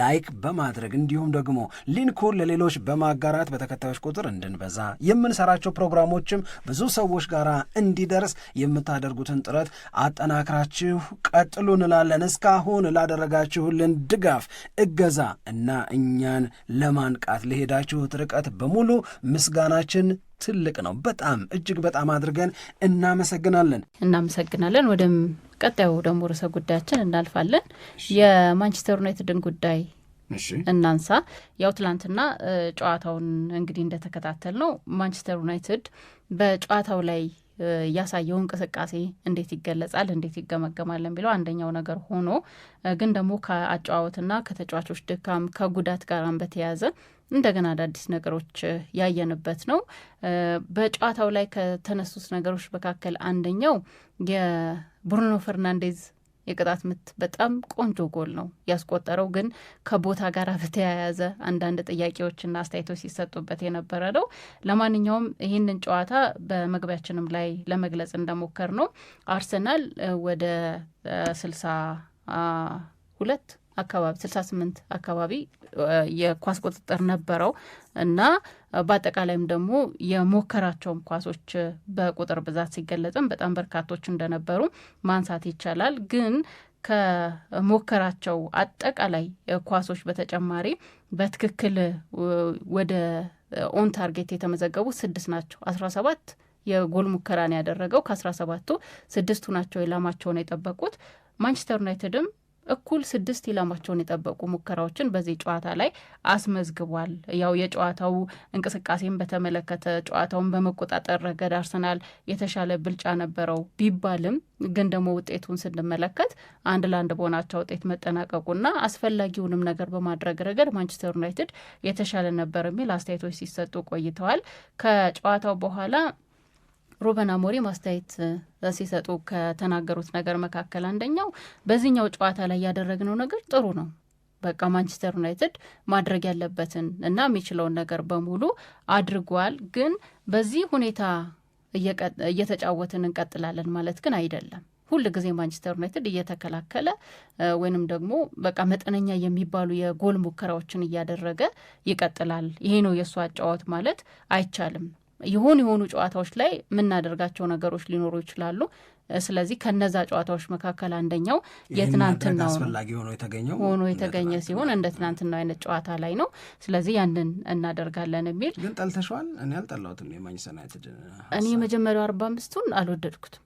ላይክ በማድረግ እንዲሁም ደግሞ ሊንኩን ለሌሎች በማጋራት በተከታዮች ቁጥር እንድንበዛ የምንሰራቸው ፕሮግራሞችም ብዙ ሰዎች ጋር እንዲደርስ የምታደርጉትን ጥረት አጠናክራችሁ ቀጥሉ እንላለን። እስካሁን ላደረጋችሁልን ድጋፍ፣ እገዛ እና እኛን ለማንቃት ለሄዳችሁት ርቀት በሙሉ ምስጋናችን ትልቅ ነው። በጣም እጅግ በጣም አድርገን እናመሰግናለን። እናመሰግናለን ወደ ቀጣዩ ደግሞ ርዕሰ ጉዳያችን እናልፋለን። የማንቸስተር ዩናይትድን ጉዳይ እናንሳ። ያው ትላንትና ጨዋታውን እንግዲህ እንደተከታተል ነው ማንቸስተር ዩናይትድ በጨዋታው ላይ ያሳየው እንቅስቃሴ እንዴት ይገለጻል፣ እንዴት ይገመገማል የሚለው አንደኛው ነገር ሆኖ ግን ደግሞ ከአጨዋወትና ከተጫዋቾች ድካም ከጉዳት ጋራም በተያያዘ እንደገና አዳዲስ ነገሮች ያየንበት ነው። በጨዋታው ላይ ከተነሱት ነገሮች መካከል አንደኛው ብሩኖ ፈርናንዴዝ የቅጣት ምት በጣም ቆንጆ ጎል ነው ያስቆጠረው፣ ግን ከቦታ ጋር በተያያዘ አንዳንድ ጥያቄዎችና አስተያየቶች ሲሰጡበት የነበረ ነው። ለማንኛውም ይህንን ጨዋታ በመግቢያችንም ላይ ለመግለጽ እንደሞከር ነው አርሰናል ወደ ስልሳ ሁለት አካባቢ ስልሳ ስምንት አካባቢ የኳስ ቁጥጥር ነበረው እና በአጠቃላይም ደግሞ የሞከራቸውም ኳሶች በቁጥር ብዛት ሲገለጽም በጣም በርካቶች እንደነበሩ ማንሳት ይቻላል። ግን ከሞከራቸው አጠቃላይ ኳሶች በተጨማሪ በትክክል ወደ ኦን ታርጌት የተመዘገቡ ስድስት ናቸው። አስራ ሰባት የጎል ሙከራን ያደረገው ከአስራ ሰባቱ ስድስቱ ናቸው ኢላማቸውን የጠበቁት። ማንቸስተር ዩናይትድም እኩል ስድስት ኢላማቸውን የጠበቁ ሙከራዎችን በዚህ ጨዋታ ላይ አስመዝግቧል። ያው የጨዋታው እንቅስቃሴን በተመለከተ ጨዋታውን በመቆጣጠር ረገድ አርሰናል የተሻለ ብልጫ ነበረው ቢባልም ግን ደግሞ ውጤቱን ስንመለከት አንድ ለአንድ በሆናቸው ውጤት መጠናቀቁና አስፈላጊውንም ነገር በማድረግ ረገድ ማንቸስተር ዩናይትድ የተሻለ ነበር የሚል አስተያየቶች ሲሰጡ ቆይተዋል። ከጨዋታው በኋላ ሩበን አሞሪም አስተያየት ሲሰጡ ከተናገሩት ነገር መካከል አንደኛው በዚህኛው ጨዋታ ላይ ያደረግነው ነገር ጥሩ ነው በቃ ማንቸስተር ዩናይትድ ማድረግ ያለበትን እና የሚችለውን ነገር በሙሉ አድርጓል። ግን በዚህ ሁኔታ እየተጫወትን እንቀጥላለን ማለት ግን አይደለም። ሁል ጊዜ ማንቸስተር ዩናይትድ እየተከላከለ ወይንም ደግሞ በቃ መጠነኛ የሚባሉ የጎል ሙከራዎችን እያደረገ ይቀጥላል። ይሄ ነው የእሱ አጫወት ማለት አይቻልም። የሆኑ የሆኑ ጨዋታዎች ላይ የምናደርጋቸው ነገሮች ሊኖሩ ይችላሉ። ስለዚህ ከነዛ ጨዋታዎች መካከል አንደኛው የትናንትናው ሆኖ የተገኘ ሲሆን እንደ ትናንትናው አይነት ጨዋታ ላይ ነው። ስለዚህ ያንን እናደርጋለን የሚል ግን ጠልተሸዋል። እኔ አልጠላሁትም። የማንችስተር ዩናይትድ እኔ የመጀመሪያው አርባ አምስቱን አልወደድኩትም።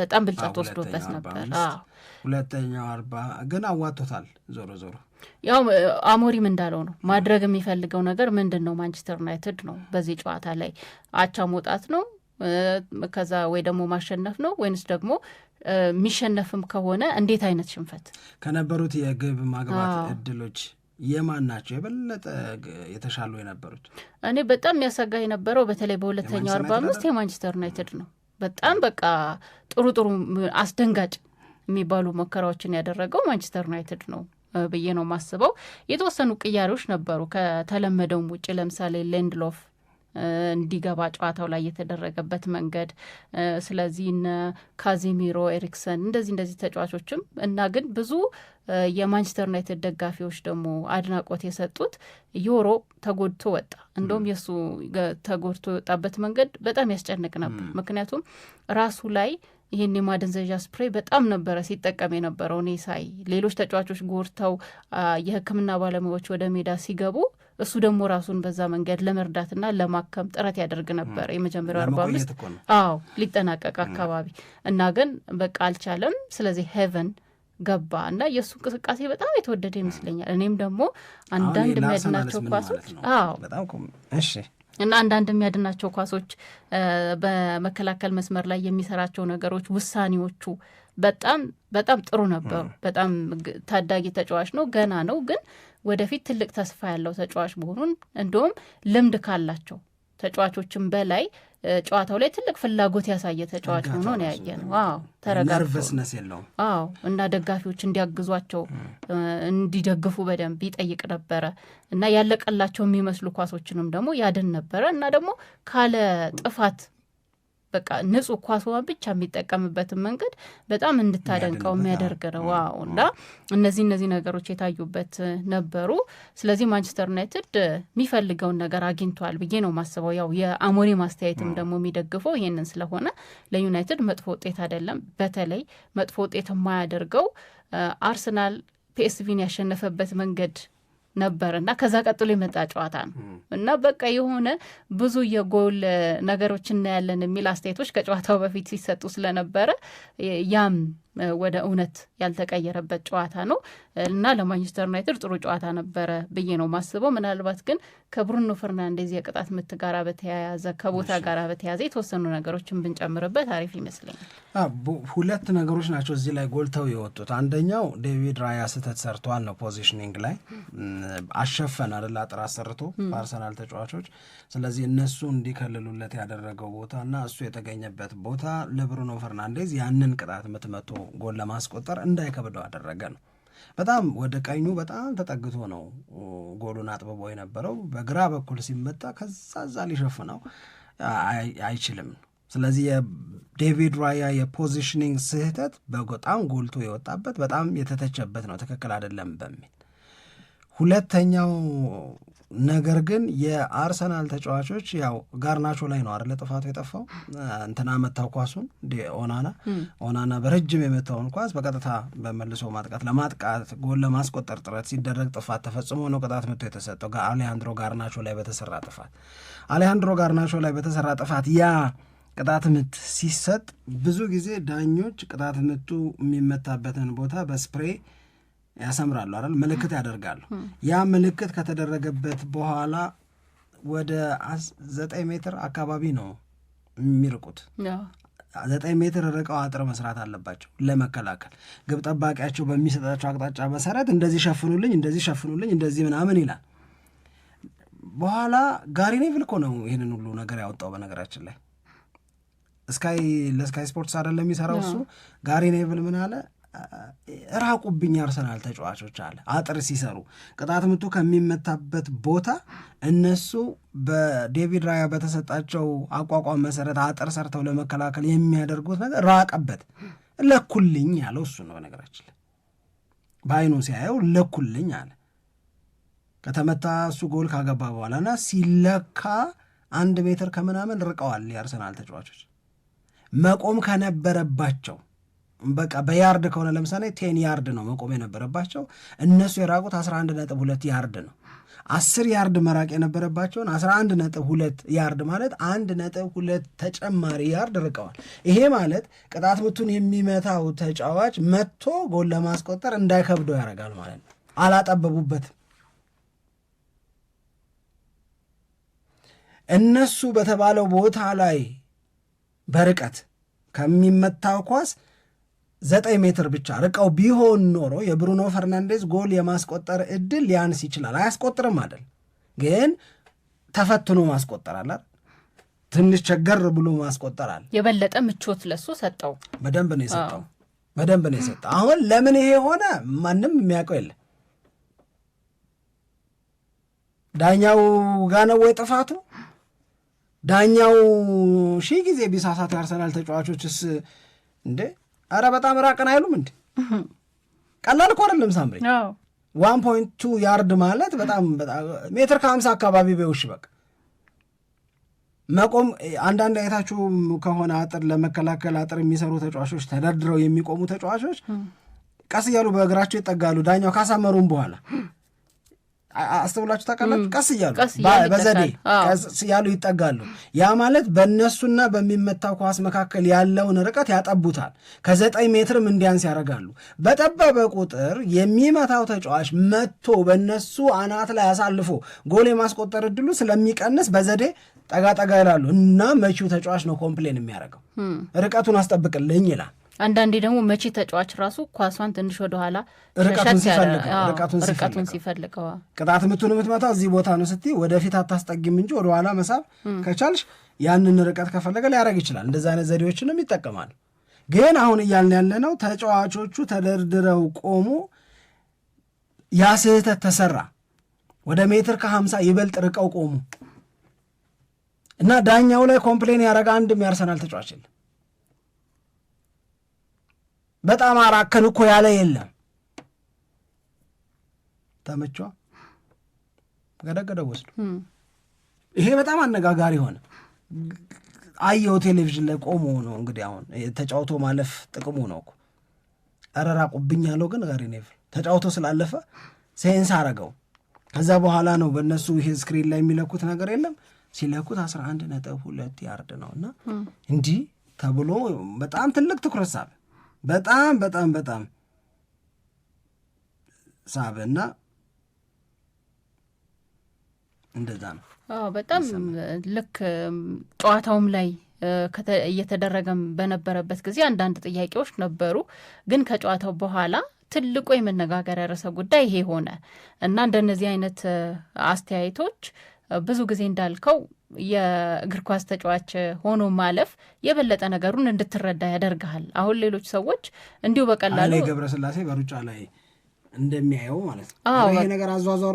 በጣም ብልጫ ተወስዶበት ነበር። ሁለተኛው አርባ ግን አዋቶታል። ዞሮ ዞሮ ያው አሞሪም እንዳለው ነው ማድረግ የሚፈልገው ነገር ምንድን ነው? ማንቸስተር ዩናይትድ ነው በዚህ ጨዋታ ላይ አቻ መውጣት ነው ከዛ ወይ ደግሞ ማሸነፍ ነው ወይንስ ደግሞ የሚሸነፍም ከሆነ እንዴት አይነት ሽንፈት ከነበሩት የግብ ማግባት እድሎች የማን ናቸው የበለጠ የተሻሉ የነበሩት? እኔ በጣም የሚያሰጋ የነበረው በተለይ በሁለተኛው አርባ አምስት የማንቸስተር ዩናይትድ ነው። በጣም በቃ ጥሩ ጥሩ አስደንጋጭ የሚባሉ ሙከራዎችን ያደረገው ማንቸስተር ዩናይትድ ነው ብዬ ነው ማስበው የተወሰኑ ቅያሬዎች ነበሩ ከተለመደውም ውጭ ለምሳሌ ሌንድሎፍ እንዲገባ ጨዋታው ላይ የተደረገበት መንገድ። ስለዚህ እነ ካዚሚሮ፣ ኤሪክሰን እንደዚህ እንደዚህ ተጫዋቾችም እና ግን ብዙ የማንቸስተር ዩናይትድ ደጋፊዎች ደግሞ አድናቆት የሰጡት ዮሮ ተጎድቶ ወጣ። እንደውም የእሱ ተጎድቶ የወጣበት መንገድ በጣም ያስጨንቅ ነበር። ምክንያቱም ራሱ ላይ ይህን የማደንዘዣ ስፕሬይ በጣም ነበረ ሲጠቀም የነበረው እኔ ሳይ ሌሎች ተጫዋቾች ጎርተው የህክምና ባለሙያዎች ወደ ሜዳ ሲገቡ እሱ ደግሞ ራሱን በዛ መንገድ ለመርዳትና ለማከም ጥረት ያደርግ ነበር። የመጀመሪያው አርባ አምስት አዎ ሊጠናቀቅ አካባቢ እና ግን በቃ አልቻለም። ስለዚህ ሄቨን ገባ እና የእሱ እንቅስቃሴ በጣም የተወደደ ይመስለኛል። እኔም ደግሞ አንዳንድ የሚያድናቸው ኳሶች አዎ እና አንዳንድ የሚያድናቸው ኳሶች በመከላከል መስመር ላይ የሚሰራቸው ነገሮች፣ ውሳኔዎቹ በጣም በጣም ጥሩ ነበሩ። በጣም ታዳጊ ተጫዋች ነው፣ ገና ነው፣ ግን ወደፊት ትልቅ ተስፋ ያለው ተጫዋች መሆኑን እንዲሁም ልምድ ካላቸው ተጫዋቾችም በላይ ጨዋታው ላይ ትልቅ ፍላጎት ያሳየ ተጫዋች ሆኖ ነው ያየ ነው። አዎ ተረጋርቨስነስ የለውም። አዎ እና ደጋፊዎች እንዲያግዟቸው እንዲደግፉ በደንብ ይጠይቅ ነበረ እና ያለቀላቸው የሚመስሉ ኳሶችንም ደግሞ ያድን ነበረ እና ደግሞ ካለ ጥፋት በቃ ንጹህ ኳስዋ ብቻ የሚጠቀምበትን መንገድ በጣም እንድታደንቀው የሚያደርግ ነው። ዋው እና እነዚህ እነዚህ ነገሮች የታዩበት ነበሩ። ስለዚህ ማንቸስተር ዩናይትድ የሚፈልገውን ነገር አግኝቷል ብዬ ነው ማስበው። ያው የአሞሪ ማስተያየትም ደግሞ የሚደግፈው ይህንን ስለሆነ ለዩናይትድ መጥፎ ውጤት አይደለም። በተለይ መጥፎ ውጤት የማያደርገው አርሰናል ፒኤስቪን ያሸነፈበት መንገድ ነበር እና ከዛ ቀጥሎ የመጣ ጨዋታ ነው እና በቃ የሆነ ብዙ የጎል ነገሮች እናያለን የሚል አስተያየቶች ከጨዋታው በፊት ሲሰጡ ስለነበረ ያም ወደ እውነት ያልተቀየረበት ጨዋታ ነው እና ለማንቸስተር ዩናይትድ ጥሩ ጨዋታ ነበረ ብዬ ነው ማስበው። ምናልባት ግን ከብሩኖ ፈርናንዴዝ የቅጣት ምት ጋራ በተያያዘ ከቦታ ጋራ በተያያዘ የተወሰኑ ነገሮችን ብንጨምርበት አሪፍ ይመስለኛል። ሁለት ነገሮች ናቸው እዚህ ላይ ጎልተው የወጡት። አንደኛው ዴቪድ ራያ ስህተት ሰርተዋል ነው ፖዚሽኒንግ ላይ አሸፈን አደላ ጥራ ሰርቶ አርሰናል ተጫዋቾች። ስለዚህ እነሱ እንዲከልሉለት ያደረገው ቦታ እና እሱ የተገኘበት ቦታ ለብሩኖ ፈርናንዴዝ ያንን ቅጣት ምት መቶ ጎል ለማስቆጠር እንዳይከብደው አደረገ ነው። በጣም ወደ ቀኙ በጣም ተጠግቶ ነው ጎሉን አጥብቦ የነበረው። በግራ በኩል ሲመጣ ከዛዛ ሊሸፍነው አይችልም። ስለዚህ የዴቪድ ራያ የፖዚሽኒንግ ስህተት በጣም ጎልቶ የወጣበት በጣም የተተቸበት ነው፣ ትክክል አይደለም በሚል ሁለተኛው ነገር ግን የአርሰናል ተጫዋቾች ያው ጋርናቾ ላይ ነው አይደለ ጥፋቱ የጠፋው። እንትና መታው ኳሱን ኦናና ኦናና በረጅም የመታውን ኳስ በቀጥታ በመልሶ ማጥቃት ለማጥቃት ጎል ለማስቆጠር ጥረት ሲደረግ ጥፋት ተፈጽሞ ነው ቅጣት መቶ የተሰጠው አሌሃንድሮ ጋርናቾ ላይ በተሰራ ጥፋት። አሌሃንድሮ ጋርናቾ ላይ በተሰራ ጥፋት ያ ቅጣት ምት ሲሰጥ ብዙ ጊዜ ዳኞች ቅጣት ምቱ የሚመታበትን ቦታ በስፕሬይ ያሰምራሉ አይደል? ምልክት ያደርጋሉ። ያ ምልክት ከተደረገበት በኋላ ወደ ዘጠኝ ሜትር አካባቢ ነው የሚርቁት። ዘጠኝ ሜትር ርቀው አጥር መስራት አለባቸው ለመከላከል። ግብ ጠባቂያቸው በሚሰጣቸው አቅጣጫ መሰረት እንደዚህ ሸፍኑልኝ፣ እንደዚህ ሸፍኑልኝ፣ እንደዚህ ምናምን ይላል። በኋላ ጋሪ ኔቪል እኮ ነው ይህንን ሁሉ ነገር ያወጣው። በነገራችን ላይ ስካይ ለስካይ ስፖርትስ አይደለም የሚሰራው እሱ። ጋሪ ኔቪል ምን አለ ራቁብኝ አርሰናል ተጫዋቾች አለ አጥር ሲሰሩ ቅጣት ምቱ ከሚመታበት ቦታ እነሱ በዴቪድ ራያ በተሰጣቸው አቋቋም መሰረት አጥር ሰርተው ለመከላከል የሚያደርጉት ነገር ራቀበት። ለኩልኝ ያለው እሱ ነው። በነገራችን በአይኑ ሲያየው ለኩልኝ አለ። ከተመታ እሱ ጎል ካገባ በኋላና ሲለካ አንድ ሜትር ከምናምን ርቀዋል የአርሰናል ተጫዋቾች መቆም ከነበረባቸው በቃ በያርድ ከሆነ ለምሳሌ ቴን ያርድ ነው መቆም የነበረባቸው እነሱ የራቁት 11 ነጥብ ሁለት ያርድ ነው። አስር ያርድ መራቅ የነበረባቸውን 11 ነጥብ ሁለት ያርድ ማለት አንድ ነጥብ ሁለት ተጨማሪ ያርድ ርቀዋል። ይሄ ማለት ቅጣት ምቱን የሚመታው ተጫዋች መጥቶ ጎል ለማስቆጠር እንዳይከብደው ያደርጋል ማለት ነው። አላጠበቡበትም። እነሱ በተባለው ቦታ ላይ በርቀት ከሚመታው ኳስ ዘጠኝ ሜትር ብቻ ርቀው ቢሆን ኖሮ የብሩኖ ፈርናንዴዝ ጎል የማስቆጠር እድል ሊያንስ ይችላል። አያስቆጥርም አይደል፣ ግን ተፈትኖ ማስቆጠር አላት። ትንሽ ቸገር ብሎ ማስቆጠራል። የበለጠ ምቾት ለሱ ሰጠው። በደንብ ነው የሰጠው፣ በደንብ ነው የሰጠው። አሁን ለምን ይሄ ሆነ ማንም የሚያውቀው የለ። ዳኛው ጋ ነው ወይ ጥፋቱ? ዳኛው ሺህ ጊዜ ቢሳሳት የአርሰናል ተጫዋቾችስ እንዴ አረ በጣም ራቅን አይሉም እንዴ? ቀላል እኮ አይደለም ሳምሪ። ዋን ፖይንት ቱ ያርድ ማለት በጣም ሜትር ከሀምሳ አካባቢ በውሽ በቃ መቆም አንዳንድ አይታችሁም ከሆነ አጥር ለመከላከል አጥር የሚሰሩ ተጫዋቾች ተደርድረው የሚቆሙ ተጫዋቾች ቀስ እያሉ በእግራቸው ይጠጋሉ ዳኛው ካሳመሩም በኋላ አስተውላችሁ ታውቃላችሁ። ቀስ እያሉ በዘዴ ቀስ እያሉ ይጠጋሉ። ያ ማለት በእነሱና በሚመታው ኳስ መካከል ያለውን ርቀት ያጠቡታል። ከዘጠኝ ሜትርም እንዲያንስ ያደርጋሉ። በጠበበ ቁጥር የሚመታው ተጫዋች መቶ በእነሱ አናት ላይ አሳልፎ ጎል የማስቆጠር እድሉ ስለሚቀንስ በዘዴ ጠጋጠጋ ይላሉ እና መቺው ተጫዋች ነው ኮምፕሌን የሚያደርገው ርቀቱን አስጠብቅልኝ ይላል። አንዳንዴ ደግሞ መቼ ተጫዋች ራሱ ኳሷን ትንሽ ወደኋላ ርቀቱን ሲፈልገዋ ቅጣት ምቱን የምትመታ እዚህ ቦታ ነው ስትይ ወደፊት አታስጠጊም እንጂ ወደኋላ መሳብ ከቻልሽ ያንን ርቀት ከፈለገ ሊያደርግ ይችላል። እንደዚህ አይነት ዘዴዎችንም ይጠቀማል። ግን አሁን እያልን ነው ተጫዋቾቹ ተደርድረው ቆሙ፣ ያ ስህተት ተሰራ፣ ወደ ሜትር ከሀምሳ ይበልጥ ርቀው ቆሙ እና ዳኛው ላይ ኮምፕሌን ያደረገ አንድም ያርሰናል ተጫዋች የለም። በጣም አራከን እኮ ያለ የለም። ተመቿ ገደገደ ወስዱ። ይሄ በጣም አነጋጋሪ ሆነ። አየው ቴሌቪዥን ላይ ቆሞ ነው እንግዲህ አሁን ተጫውቶ ማለፍ ጥቅሙ ነው እኮ። ኧረ ራቁብኝ ያለው ግን ጋሪ ኔቭል ተጫውቶ ስላለፈ ሴንስ አረገው። ከዛ በኋላ ነው በእነሱ ይሄ ስክሪን ላይ የሚለኩት ነገር የለም ሲለኩት አስራ አንድ ነጥብ ሁለት ያርድ ነው እና እንዲህ ተብሎ በጣም ትልቅ ትኩረት ሳብ በጣም በጣም በጣም ሳበና እንደዛ ነው። በጣም ልክ ጨዋታውም ላይ እየተደረገም በነበረበት ጊዜ አንዳንድ ጥያቄዎች ነበሩ፣ ግን ከጨዋታው በኋላ ትልቁ የመነጋገሪያ ርዕሰ ጉዳይ ይሄ ሆነ እና እንደነዚህ አይነት አስተያየቶች ብዙ ጊዜ እንዳልከው የእግር ኳስ ተጫዋች ሆኖ ማለፍ የበለጠ ነገሩን እንድትረዳ ያደርግሃል። አሁን ሌሎች ሰዎች እንዲሁ በቀላሉ ገብረስላሴ በሩጫ ላይ እንደሚያየው ማለት ነው። ይሄ ነገር አዟዟሩ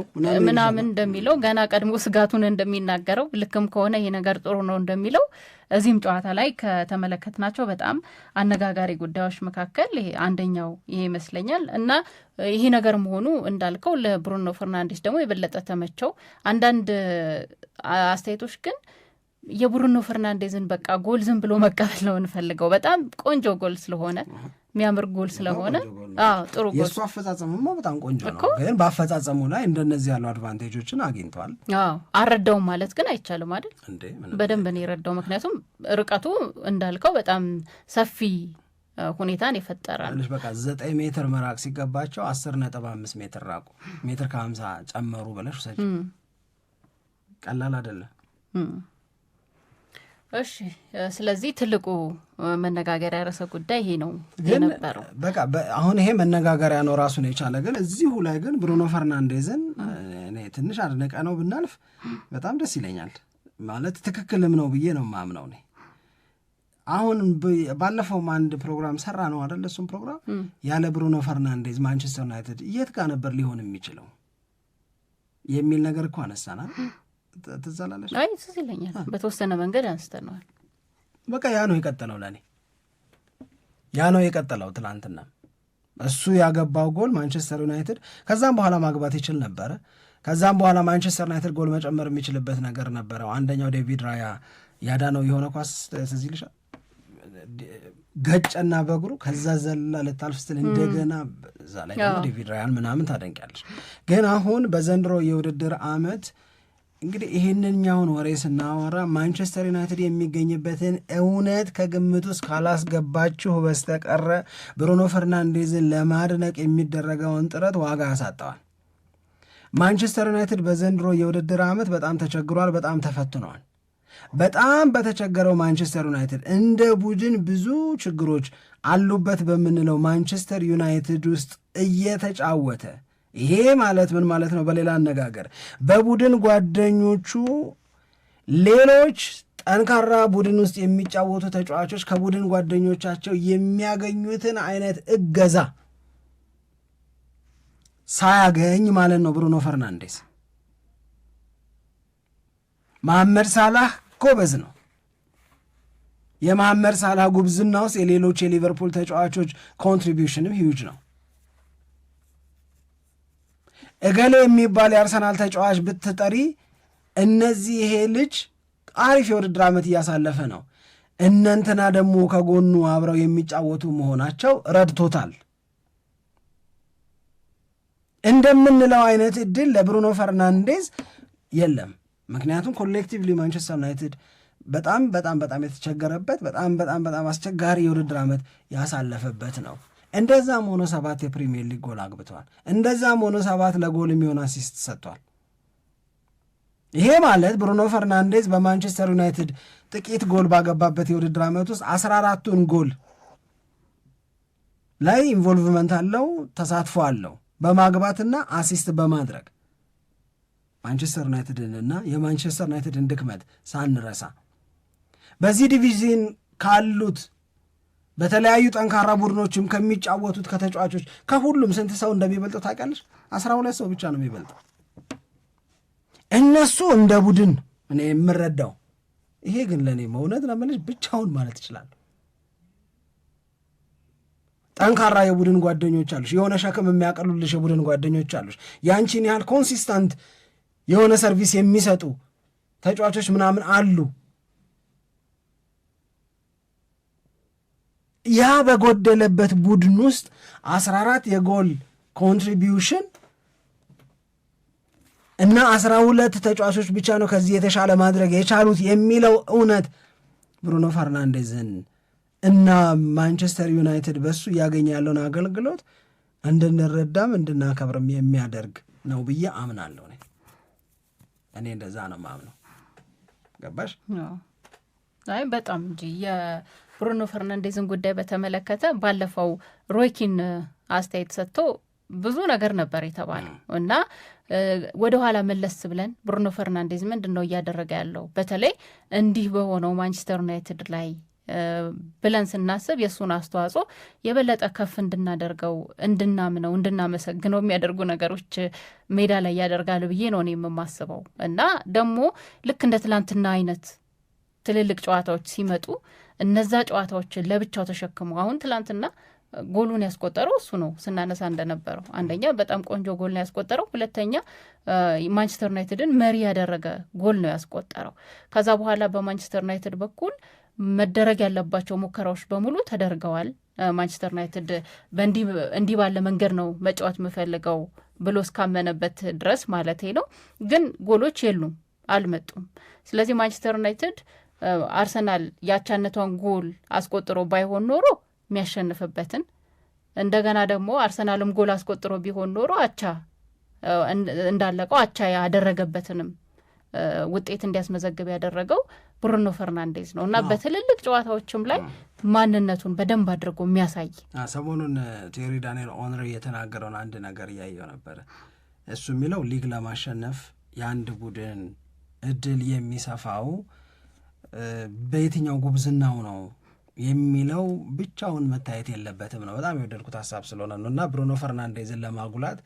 ምናምን እንደሚለው ገና ቀድሞ ስጋቱን እንደሚናገረው ልክም ከሆነ ይሄ ነገር ጥሩ ነው እንደሚለው እዚህም ጨዋታ ላይ ከተመለከትናቸው በጣም አነጋጋሪ ጉዳዮች መካከል ይሄ አንደኛው ይሄ ይመስለኛል እና ይሄ ነገር መሆኑ እንዳልከው ለብሩኖ ፈርናንዴስ ደግሞ የበለጠ ተመቸው። አንዳንድ አስተያየቶች ግን የብሩኖ ፈርናንዴዝን በቃ ጎል ዝም ብሎ መቀበል ነው እንፈልገው በጣም ቆንጆ ጎል ስለሆነ የሚያምር ጎል ስለሆነ ጥሩ ጎል የእሱ አፈጻጸምማ በጣም ቆንጆ ነው። ግን በአፈጻጸሙ ላይ እንደነዚህ ያሉ አድቫንቴጆችን አግኝቷል። አልረዳውም ማለት ግን አይቻልም አይደል? በደንብ ነው የረዳው። ምክንያቱም ርቀቱ እንዳልከው በጣም ሰፊ ሁኔታን ይፈጠራል። በቃ ዘጠኝ ሜትር መራቅ ሲገባቸው አስር ነጥብ አምስት ሜትር ራቁ፣ ሜትር ከሀምሳ ጨመሩ ብለሽ ውሰጂ። ቀላል አይደለም። እሺ ስለዚህ ትልቁ መነጋገሪያ ርዕሰ ጉዳይ ይሄ ነው የነበረው። በቃ አሁን ይሄ መነጋገሪያ ነው ራሱን የቻለ ግን እዚሁ ላይ ግን ብሩኖ ፈርናንዴዝን እኔ ትንሽ አድነቀ ነው ብናልፍ በጣም ደስ ይለኛል። ማለት ትክክልም ነው ብዬ ነው ማምነው እኔ አሁን ባለፈውም አንድ ፕሮግራም ሰራ ነው አደለ? እሱም ፕሮግራም ያለ ብሩኖ ፈርናንዴዝ ማንቸስተር ዩናይትድ የት ጋር ነበር ሊሆን የሚችለው የሚል ነገር እኮ አነሳናል። ትዝ አላለሽ? አይ ትዝ ይለኛል። በተወሰነ መንገድ አንስተነዋል። በቃ ያ ነው የቀጠለው ለእኔ ያ ነው የቀጠለው። ትላንትና እሱ ያገባው ጎል ማንቸስተር ዩናይትድ ከዛም በኋላ ማግባት ይችል ነበረ። ከዛም በኋላ ማንቸስተር ዩናይትድ ጎል መጨመር የሚችልበት ነገር ነበረው። አንደኛው ዴቪድ ራያ ያዳ ነው የሆነ ኳስ ትዝ ይልሻል? ገጨና በእግሩ ከዛ ዘላ ልታልፍ ስትል እንደገና እዛ ላይ ደግሞ ዴቪድ ራያን ምናምን ታደንቂያለሽ። ግን አሁን በዘንድሮ የውድድር አመት እንግዲህ ይህንኛውን ወሬ ስናወራ ማንቸስተር ዩናይትድ የሚገኝበትን እውነት ከግምት ውስጥ ካላስገባችሁ በስተቀረ ብሩኖ ፈርናንዴዝን ለማድነቅ የሚደረገውን ጥረት ዋጋ ያሳጠዋል። ማንቸስተር ዩናይትድ በዘንድሮ የውድድር ዓመት በጣም ተቸግሯል፣ በጣም ተፈትኗል። በጣም በተቸገረው ማንቸስተር ዩናይትድ እንደ ቡድን ብዙ ችግሮች አሉበት በምንለው ማንቸስተር ዩናይትድ ውስጥ እየተጫወተ ይሄ ማለት ምን ማለት ነው? በሌላ አነጋገር በቡድን ጓደኞቹ ሌሎች ጠንካራ ቡድን ውስጥ የሚጫወቱ ተጫዋቾች ከቡድን ጓደኞቻቸው የሚያገኙትን አይነት እገዛ ሳያገኝ ማለት ነው። ብሩኖ ፈርናንዴስ መሐመድ ሳላህ ጎበዝ ነው። የመሐመድ ሳላህ ጉብዝና ውስጥ የሌሎች የሊቨርፑል ተጫዋቾች ኮንትሪቢሽንም ሂውጅ ነው። እገሌ የሚባል የአርሰናል ተጫዋች ብትጠሪ እነዚህ ይሄ ልጅ አሪፍ የውድድር ዓመት እያሳለፈ ነው፣ እነንትና ደግሞ ከጎኑ አብረው የሚጫወቱ መሆናቸው ረድቶታል እንደምንለው አይነት እድል ለብሩኖ ፈርናንዴዝ የለም። ምክንያቱም ኮሌክቲቭሊ ማንቸስተር ዩናይትድ በጣም በጣም በጣም የተቸገረበት በጣም በጣም በጣም አስቸጋሪ የውድድር ዓመት ያሳለፈበት ነው። እንደዛም ሆኖ ሰባት የፕሪሚየር ሊግ ጎል አግብተዋል። እንደዛም ሆኖ ሰባት ለጎል የሚሆን አሲስት ሰጥቷል። ይሄ ማለት ብሩኖ ፈርናንዴዝ በማንቸስተር ዩናይትድ ጥቂት ጎል ባገባበት የውድድር ዓመት ውስጥ አስራ አራቱን ጎል ላይ ኢንቮልቭመንት አለው ተሳትፎ አለው በማግባትና አሲስት በማድረግ ማንቸስተር ዩናይትድንና የማንቸስተር ዩናይትድን ድክመት ሳንረሳ በዚህ ዲቪዥን ካሉት በተለያዩ ጠንካራ ቡድኖችም ከሚጫወቱት ከተጫዋቾች ከሁሉም ስንት ሰው እንደሚበልጠው ታውቂያለሽ? አስራ ሁለት ሰው ብቻ ነው የሚበልጠው። እነሱ እንደ ቡድን እኔ የምረዳው ይሄ ግን ለእኔ መውነት ለመለሽ ብቻውን ማለት ይችላል። ጠንካራ የቡድን ጓደኞች አሉሽ፣ የሆነ ሸክም የሚያቀሉልሽ የቡድን ጓደኞች አሉሽ። ያንቺን ያህል ኮንሲስታንት የሆነ ሰርቪስ የሚሰጡ ተጫዋቾች ምናምን አሉ ያ በጎደለበት ቡድን ውስጥ 14 የጎል ኮንትሪቢዩሽን እና 12 ተጫዋቾች ብቻ ነው ከዚህ የተሻለ ማድረግ የቻሉት የሚለው እውነት ብሩኖ ፈርናንዴዝን እና ማንቸስተር ዩናይትድ በሱ እያገኘ ያለውን አገልግሎት እንድንረዳም እንድናከብርም የሚያደርግ ነው ብዬ አምናለሁ። እኔ እንደዛ ነው ማምነው። ገባሽ? አይ በጣም እንጂ ብሩኖ ፈርናንዴዝን ጉዳይ በተመለከተ ባለፈው ሮይኪን አስተያየት ሰጥቶ ብዙ ነገር ነበር የተባለው እና ወደኋላ መለስ ብለን ብሩኖ ፈርናንዴዝ ምንድን ነው እያደረገ ያለው በተለይ እንዲህ በሆነው ማንቸስተር ዩናይትድ ላይ ብለን ስናስብ የእሱን አስተዋጽኦ የበለጠ ከፍ እንድናደርገው እንድናምነው እንድናመሰግነው የሚያደርጉ ነገሮች ሜዳ ላይ ያደርጋሉ ብዬ ነው እኔ የማስበው እና ደግሞ ልክ እንደ ትላንትና አይነት ትልልቅ ጨዋታዎች ሲመጡ እነዛ ጨዋታዎችን ለብቻው ተሸክሞ አሁን ትላንትና ጎሉን ያስቆጠረው እሱ ነው ስናነሳ እንደነበረው አንደኛ በጣም ቆንጆ ጎል ነው ያስቆጠረው ሁለተኛ ማንቸስተር ዩናይትድን መሪ ያደረገ ጎል ነው ያስቆጠረው ከዛ በኋላ በማንቸስተር ዩናይትድ በኩል መደረግ ያለባቸው ሙከራዎች በሙሉ ተደርገዋል ማንቸስተር ዩናይትድ እንዲህ ባለ መንገድ ነው መጫወት የምፈልገው ብሎ እስካመነበት ድረስ ማለት ነው ግን ጎሎች የሉም አልመጡም ስለዚህ ማንቸስተር ዩናይትድ አርሰናል ያቻነቷን ጎል አስቆጥሮ ባይሆን ኖሮ የሚያሸንፍበትን እንደገና ደግሞ አርሰናልም ጎል አስቆጥሮ ቢሆን ኖሮ አቻ እንዳለቀው አቻ ያደረገበትንም ውጤት እንዲያስመዘግብ ያደረገው ብሩኖ ፈርናንዴዝ ነው እና በትልልቅ ጨዋታዎችም ላይ ማንነቱን በደንብ አድርጎ የሚያሳይ ሰሞኑን ቴሪ ዳንኤል ኦንሪ የተናገረውን አንድ ነገር እያየው ነበረ። እሱ የሚለው ሊግ ለማሸነፍ የአንድ ቡድን እድል የሚሰፋው በየትኛው ጉብዝናው ነው የሚለው ብቻውን መታየት የለበትም ነው። በጣም የወደድኩት ሀሳብ ስለሆነ ነው እና ብሩኖ ፈርናንዴዝን ለማጉላት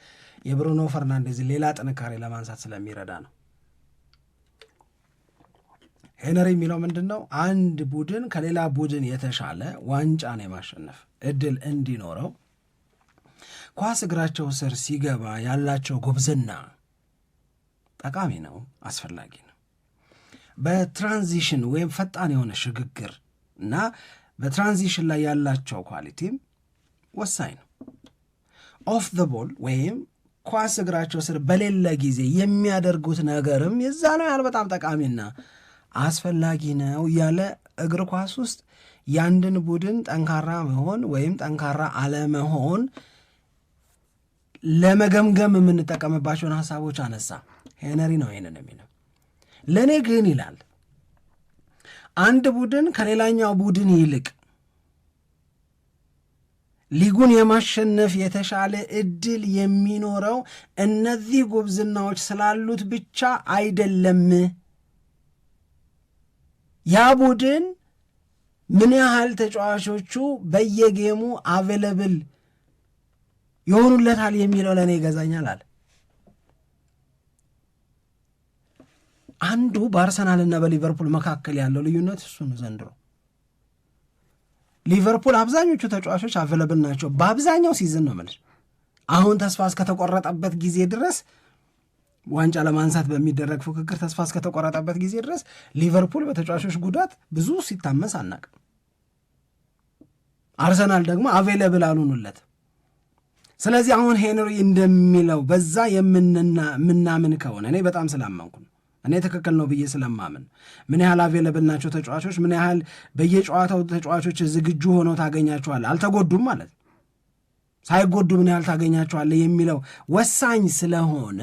የብሩኖ ፈርናንዴዝን ሌላ ጥንካሬ ለማንሳት ስለሚረዳ ነው። ሄነሪ የሚለው ምንድን ነው? አንድ ቡድን ከሌላ ቡድን የተሻለ ዋንጫን የማሸነፍ እድል እንዲኖረው ኳስ እግራቸው ስር ሲገባ ያላቸው ጉብዝና ጠቃሚ ነው፣ አስፈላጊ ነው። በትራንዚሽን ወይም ፈጣን የሆነ ሽግግር እና በትራንዚሽን ላይ ያላቸው ኳሊቲም ወሳኝ ነው። ኦፍ ዘ ቦል ወይም ኳስ እግራቸው ስር በሌለ ጊዜ የሚያደርጉት ነገርም ነው ያህል በጣም ጠቃሚና አስፈላጊ ነው እያለ እግር ኳስ ውስጥ የአንድን ቡድን ጠንካራ መሆን ወይም ጠንካራ አለመሆን ለመገምገም የምንጠቀምባቸውን ሀሳቦች አነሳ። ሄነሪ ነው ይህንን የሚለው ለእኔ ግን ይላል አንድ ቡድን ከሌላኛው ቡድን ይልቅ ሊጉን የማሸነፍ የተሻለ እድል የሚኖረው እነዚህ ጉብዝናዎች ስላሉት ብቻ አይደለም። ያ ቡድን ምን ያህል ተጫዋቾቹ በየጌሙ አቬለብል የሆኑለታል የሚለው ለእኔ ይገዛኛል አለ። አንዱ በአርሰናልና በሊቨርፑል መካከል ያለው ልዩነት እሱ ነው። ዘንድሮ ሊቨርፑል አብዛኞቹ ተጫዋቾች አቬለብል ናቸው። በአብዛኛው ሲዝን ነው የምልሽ። አሁን ተስፋ እስከተቆረጠበት ጊዜ ድረስ ዋንጫ ለማንሳት በሚደረግ ፉክክር ተስፋ እስከተቆረጠበት ጊዜ ድረስ ሊቨርፑል በተጫዋቾች ጉዳት ብዙ ሲታመስ አናቅም። አርሰናል ደግሞ አቬለብል አልሆኑለት። ስለዚህ አሁን ሄንሪ እንደሚለው በዛ የምናምን ከሆነ እኔ በጣም ስላመንኩ ነው እኔ ትክክል ነው ብዬ ስለማምን ምን ያህል አቬለብል ናቸው ተጫዋቾች፣ ምን ያህል በየጨዋታው ተጫዋቾች ዝግጁ ሆነው ታገኛቸዋል። አልተጎዱም ማለት ሳይጎዱ ምን ያህል ታገኛቸዋለ የሚለው ወሳኝ ስለሆነ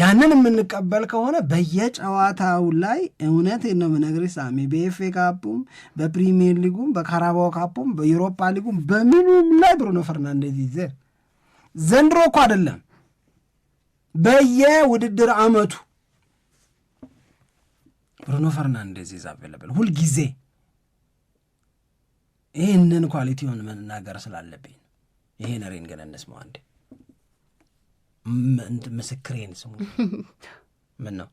ያንን የምንቀበል ከሆነ በየጨዋታው ላይ እውነት ነው የምነግርሽ ሳሚ፣ በኤፍኤ ካፑም በፕሪሚየር ሊጉም በካራባው ካፑም በዩሮፓ ሊጉም በምኑም ላይ ብሩኖ ፈርናንዴዝ ይዘ ዘንድሮ እኮ አይደለም በየውድድር አመቱ ብሩኖ ፈርናንዴዝ ኢዝ ሁልጊዜ ይህንን ኳሊቲውን መናገር ስላለብኝ ይሄ ነሬን ግን እንስማው አንዴ ምስክሬን ስሙ። ምን ነው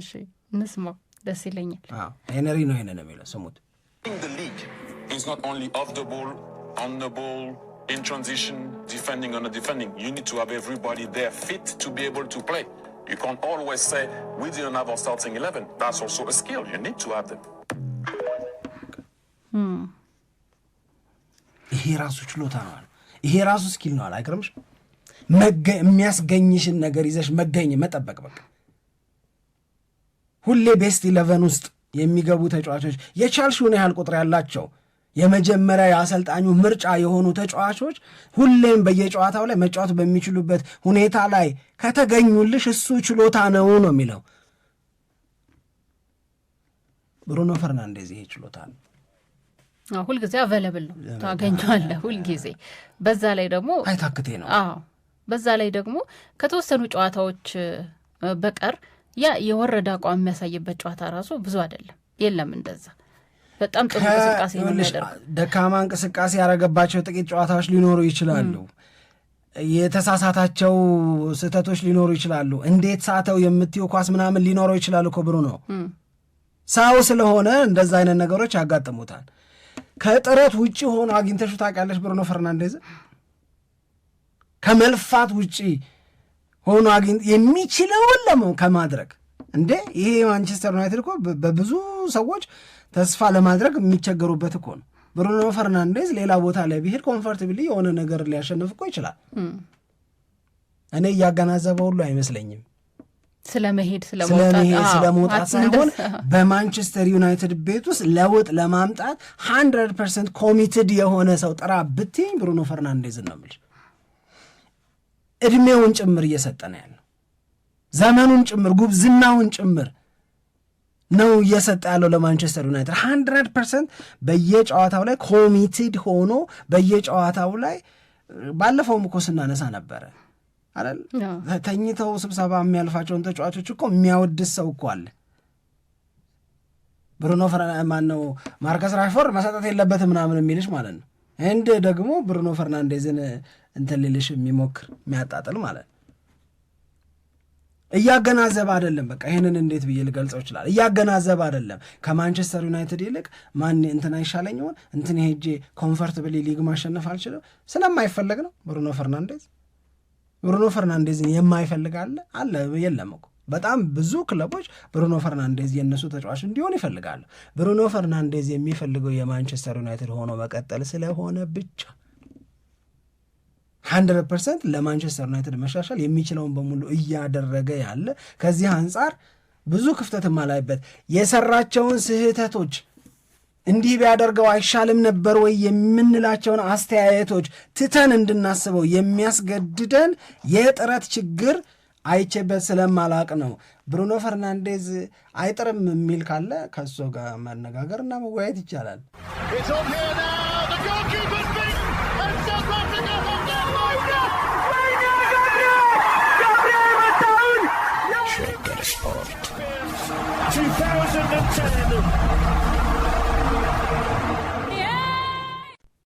እሺ፣ እንስማው ደስ ይለኛል። ሄነሪ ነው ነው የሚለው ስሙት። in transition, defending on the defending. You need to have everybody there fit to be able to play. You can't always say, we didn't have our starting 11. That's also a skill. You need to have them. ይሄ ራሱ ችሎታ ነዋል። ይሄ ራሱ ስኪል ነዋል። አይቅርምሽ የሚያስገኝሽን ነገር ይዘሽ መገኘ መጠበቅ በቃ ሁሌ ቤስት ኢለቨን ውስጥ የሚገቡ ተጫዋቾች የቻልሽውን ያህል ቁጥር ያላቸው የመጀመሪያ የአሰልጣኙ ምርጫ የሆኑ ተጫዋቾች ሁሌም በየጨዋታው ላይ መጫወት በሚችሉበት ሁኔታ ላይ ከተገኙልሽ እሱ ችሎታ ነው ነው የሚለው ብሩኖ ፈርናንዴዝ ይሄ ችሎታ ነው። ሁልጊዜ አቬለብል ነው፣ ታገኘዋለህ ሁልጊዜ። በዛ ላይ ደግሞ አይታክቴ ነው። አዎ በዛ ላይ ደግሞ ከተወሰኑ ጨዋታዎች በቀር ያ የወረደ አቋም የሚያሳይበት ጨዋታ ራሱ ብዙ አይደለም፣ የለም እንደዛ በጣም ጥሩ እንቅስቃሴ የሚያደርጉ ደካማ እንቅስቃሴ ያደረገባቸው ጥቂት ጨዋታዎች ሊኖሩ ይችላሉ። የተሳሳታቸው ስህተቶች ሊኖሩ ይችላሉ። እንዴት ሳተው የምትዩ ኳስ ምናምን ሊኖረው ይችላሉ። ክብሩ ነው ሰው ስለሆነ እንደዛ አይነት ነገሮች ያጋጥሙታል። ከጥረት ውጭ ሆኖ አግኝተሹ ታውቂያለሽ? ብሩኖ ፈርናንዴዝ ከመልፋት ውጭ ሆኖ የሚችለውን ለመ ከማድረግ እንዴ ይሄ ማንቸስተር ዩናይትድ እኮ በብዙ ሰዎች ተስፋ ለማድረግ የሚቸገሩበት እኮ ነው። ብሩኖ ፈርናንዴዝ ሌላ ቦታ ላይ ቢሄድ ኮንፈርትብሊ የሆነ ነገር ሊያሸንፍ እኮ ይችላል። እኔ እያገናዘበው ሁሉ አይመስለኝም። ስለመሄድ ስለመሄድ ስለመውጣት ሳይሆን በማንቸስተር ዩናይትድ ቤት ውስጥ ለውጥ ለማምጣት ሀንድረድ ፐርሰንት ኮሚትድ የሆነ ሰው ጥራ ብትኝ ብሩኖ ፈርናንዴዝን ነው የምልሽ። እድሜውን ጭምር እየሰጠነ ያለው ዘመኑን ጭምር ጉብዝናውን ጭምር ነው እየሰጠ ያለው ለማንቸስተር ዩናይትድ ሀንድረድ ፐርሰንት በየጨዋታው ላይ ኮሚትድ ሆኖ በየጨዋታው ላይ ባለፈውም እኮ ስናነሳ ነበረ አይደል ተኝተው ስብሰባ የሚያልፋቸውን ተጫዋቾች እኮ የሚያወድስ ሰው እኮ አለ ብሩኖ ነው ማርከስ ራሽፎርድ መሰጠት የለበትም ምናምን የሚልሽ ማለት ነው እንደ ደግሞ ብሩኖ ፈርናንዴዝን እንትን ሊልሽ የሚሞክር የሚያጣጥል ማለት ነው እያገናዘበ አይደለም። በቃ ይህንን እንዴት ብዬ ልገልጸው ይችላል? እያገናዘበ አይደለም። ከማንቸስተር ዩናይትድ ይልቅ ማን እንትን አይሻለኝ ሆን እንትን ሄጄ ኮምፈርትብል ሊግ ማሸነፍ አልችልም ስለማይፈለግ ነው። ብሩኖ ፈርናንዴዝ ብሩኖ ፈርናንዴዝን የማይፈልግ አለ አለ የለም እኮ በጣም ብዙ ክለቦች ብሩኖ ፈርናንዴዝ የእነሱ ተጫዋች እንዲሆን ይፈልጋሉ። ብሩኖ ፈርናንዴዝ የሚፈልገው የማንቸስተር ዩናይትድ ሆኖ መቀጠል ስለሆነ ብቻ ሀንድረድ ፐርሰንት ለማንቸስተር ዩናይትድ መሻሻል የሚችለውን በሙሉ እያደረገ ያለ ከዚህ አንጻር ብዙ ክፍተት ማላይበት የሰራቸውን ስህተቶች እንዲህ ቢያደርገው አይሻልም ነበር ወይ የምንላቸውን አስተያየቶች ትተን እንድናስበው የሚያስገድደን የጥረት ችግር አይቼበት ስለማላቅ ነው። ብሩኖ ፈርናንዴዝ አይጥርም የሚል ካለ ከእሱ ጋር መነጋገር እና መወያየት ይቻላል። 2010.